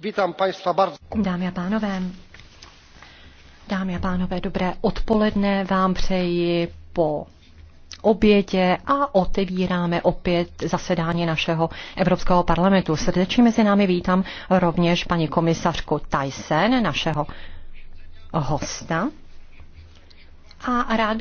Vítám państwa bardzo. Dámy a pánové, dámy a pánové, dobré odpoledne vám přeji po obědě a otevíráme opět zasedání našeho Evropského parlamentu. Srdečně mezi námi vítám rovněž paní komisařku Tyson, našeho hosta. A rád bych